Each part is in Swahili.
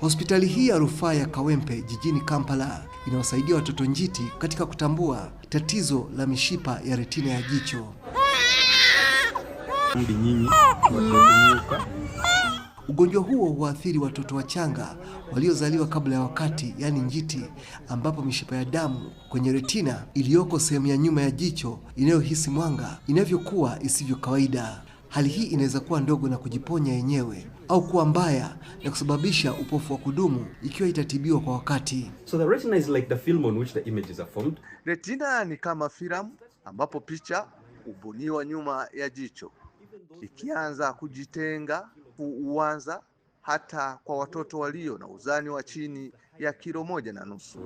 Hospitali hii ya rufaa ya Kawempe jijini Kampala inawasaidia watoto njiti katika kutambua tatizo la mishipa ya retina ya jicho. Ugonjwa huo huathiri watoto wachanga waliozaliwa kabla ya wakati, yaani njiti, ambapo mishipa ya damu kwenye retina iliyoko sehemu ya nyuma ya jicho inayohisi mwanga inavyokuwa isivyo kawaida hali hii inaweza kuwa ndogo na kujiponya yenyewe au kuwa mbaya na kusababisha upofu wa kudumu ikiwa itatibiwa kwa wakati. So the retina is like the film on which the images are formed. Retina ni kama filamu ambapo picha hubuniwa nyuma ya jicho, ikianza kujitenga huanza hata kwa watoto walio na uzani wa chini ya kilo moja na nusu.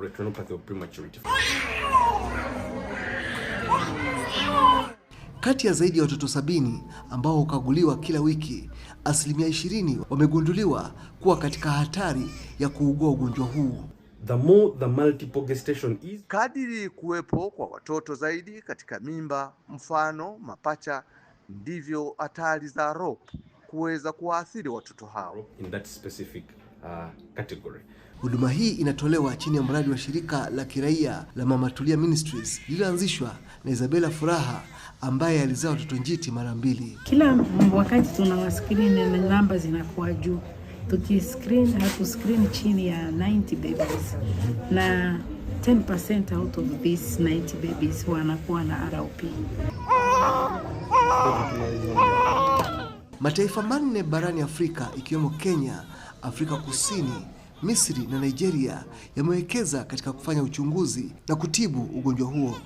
Kati ya zaidi ya watoto sabini ambao hukaguliwa kila wiki, asilimia ishirini wamegunduliwa kuwa katika hatari ya kuugua ugonjwa huu. The more the multiple gestation is... kadiri kuwepo kwa watoto zaidi katika mimba, mfano mapacha, ndivyo hatari za ROP kuweza kuwaathiri watoto hao in that specific uh, category. Huduma hii inatolewa chini ya mradi wa shirika la kiraia la Mama Tulia Ministries lililoanzishwa na Isabella Furaha ambaye alizaa watoto njiti mara mbili. Kila wakati tuna waskrini na namba zinakuwa juu, tukiskrini hatu screen chini ya 90 babies na 10% out of these 90 babies wanakuwa na ROP ah, ah. Mataifa manne barani Afrika ikiwemo Kenya, Afrika Kusini, Misri na Nigeria yamewekeza katika kufanya uchunguzi na kutibu ugonjwa huo.